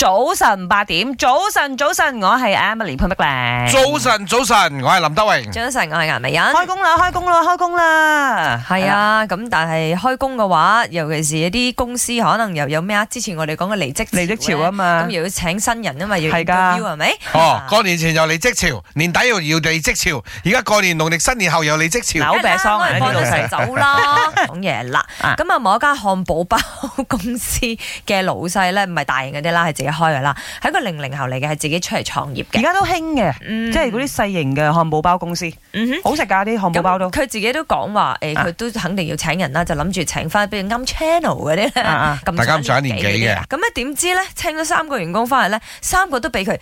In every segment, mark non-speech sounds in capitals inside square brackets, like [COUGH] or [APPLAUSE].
早晨八點，早晨早晨，我係 Emily 潘碧玲。早晨早晨，我係林德榮。早晨，我係顏美欣。開工啦開工啦開工啦，係啊，咁但係開工嘅話，尤其是一啲公司可能又有咩啊？之前我哋講嘅離職離職潮啊嘛，咁又要請新人啊嘛，而家要係咪？哦，過年前又離職潮，年底又要離職潮，而家過年農曆新年後又離職潮，扭餅雙，老細走啦，講嘢啦。咁啊，某一間漢堡包公司嘅老細咧，唔係大型嗰啲啦，係自己。開噶啦，係一個零零後嚟嘅，係自己出嚟創業嘅。而家都興嘅、嗯，即係嗰啲細型嘅漢堡包公司，嗯、好食噶啲漢堡包都。佢、嗯、自己都講話，誒、欸，佢都肯定要請人啦、啊，就諗住請翻啲啱 channel 嗰啲、啊啊、大家唔啱上年紀嘅。咁咧點知咧，請咗三個員工翻嚟咧，三個都俾佢誒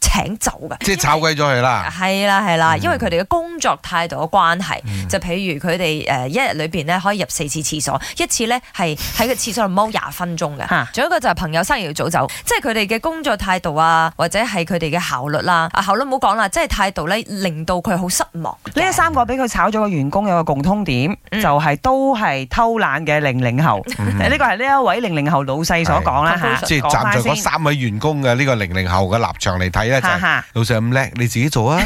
請走嘅，即係炒鬼咗佢啦。係啦係啦，因為佢哋嘅工作態度嘅關係、嗯，就譬如佢哋誒一日裏邊咧可以入四次廁所，一次咧係喺個廁所度踎廿分鐘嘅。吓，仲有一個就係朋友生日要早走，即係。佢哋嘅工作態度啊，或者係佢哋嘅效率啦，啊，效率唔好講啦，即係態度咧，令到佢好失望。呢三個俾佢炒咗嘅員工有個共通點，就係都係偷懶嘅零零後。誒，呢個係呢一位零零後老細所講啦嚇。即係站在嗰三位員工嘅呢個零零後嘅立場嚟睇咧就，老細咁叻，你自己做啊！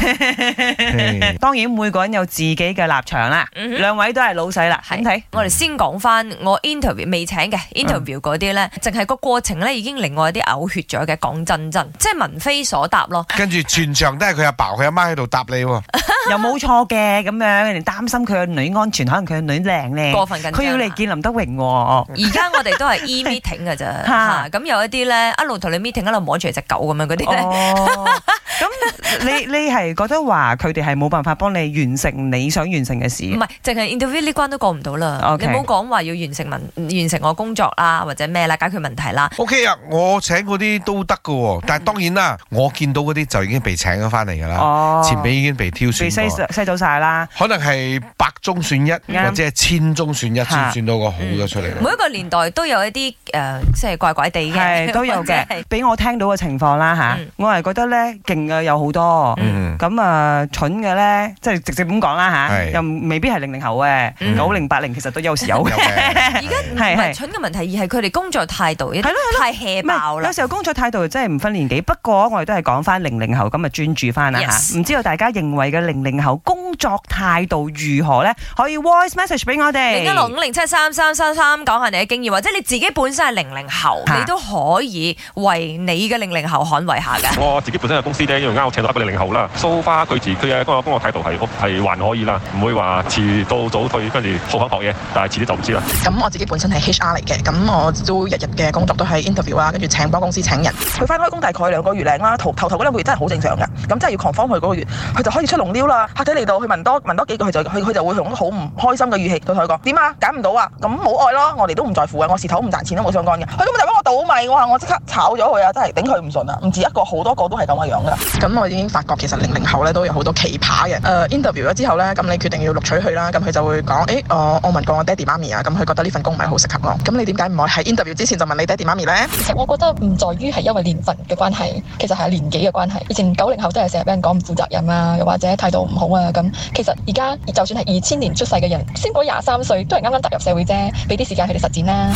當然每個人有自己嘅立場啦。兩位都係老細啦，睇唔睇？我哋先講翻我 interview 未請嘅 interview 嗰啲咧，淨係個過程咧已經令我有啲牛。冇血咗嘅，講真真，即係文非所答咯。跟住全場都係佢阿爸、佢阿媽喺度答你， [LAUGHS] 又冇錯嘅咁樣。你擔心佢女安全，可能佢女靚咧，過分緊張。佢要嚟見林德榮、啊， [LAUGHS] 而家我哋都係 e meeting 㗎。咋、 [LAUGHS] [LAUGHS] 啊。咁有一啲咧，一路同你 meeting，一路摸住隻狗咁樣嗰啲咧。哦 [LAUGHS] 咁 [LAUGHS] 你你係覺得話佢哋係冇辦法幫你完成你想完成嘅事？唔係淨係 interview 呢關都過唔到啦，okay. 你唔好講話要完成文完成我工作啦，或者咩啦，解決問題啦。O K 啊，我請嗰啲都得噶，但係當然啦，我見到嗰啲就已經被請咗翻嚟噶啦，前邊已經被挑選，被篩篩走晒啦。可能係百中選一，或者係千中選一先選到個好咗出嚟。每一個年代都有一啲誒，即、呃、係、就是、怪怪地嘅， [LAUGHS] 都有嘅。俾、 [LAUGHS] 就是、我聽到嘅情況啦吓，我係覺得咧勁。有好多，咁、mm-hmm. 啊蠢嘅咧，即係直接咁講啦吓，又未必係零零後嘅，九零八零其實都有時有嘅。 [LAUGHS] [LAUGHS] 唔係蠢嘅問題，而係佢哋工作態度係咯，太 hea 爆啦。有時候工作態度真係唔分年紀，不過我哋都係講翻零零後咁啊，專注翻啦。唔知道大家認為嘅零零後工作態度如何咧？可以 voice message 俾我哋，零一六五零七三三三三講下你嘅經驗，或者你自己本身係零零後，啊、你都可以為你嘅零零後捍衞下嘅。我自己本身喺公司咧，因為啱請到一個零零後啦。So far 佢自佢嘅工作態度係係還可以啦，唔會話遲到早退，跟住好肯學嘢，但係遲啲就唔知啦。咁我自己本身 H.R. 嚟嘅，咁我都日日嘅工作都係 interview 啊，跟住請幫公司請人。佢翻開工大概兩個月零啦，頭頭頭嗰兩個月真係好正常嘅，咁真係要 confirm 佢嗰個月，佢就可以出龍撩啦，客仔嚟到，佢問多問多幾個，佢就佢佢就會用好唔開心嘅語氣對佢講：點啊，揀唔到啊，咁冇愛咯，我哋都唔在乎嘅，我事頭唔賺錢都冇相干嘅。佢根本就幫我倒米，我話！我即刻炒咗佢啊！真係頂佢唔順啊！唔止一個，好多個都係咁嘅樣嘅。咁我已經發覺其實零零後咧都有好多奇葩嘅。誒、uh, interview 咗之後咧，咁你決定要錄取佢啦，咁佢就會講：誒、欸、我問過我爹哋媽咪啊，咁佢覺得呢份工唔係好。我，咁你點解唔話喺 Interview 之前就問你爹哋媽咪呢？其實我覺得唔在於係因為年份嘅關係，其實係年紀嘅關係。以前九零後都係成日俾人講唔負責任啊，又或者態度唔好啊咁。其實而家就算係二千年出世嘅人，先講廿三歲都係啱啱踏入社會啫，俾啲時間佢哋實踐啦。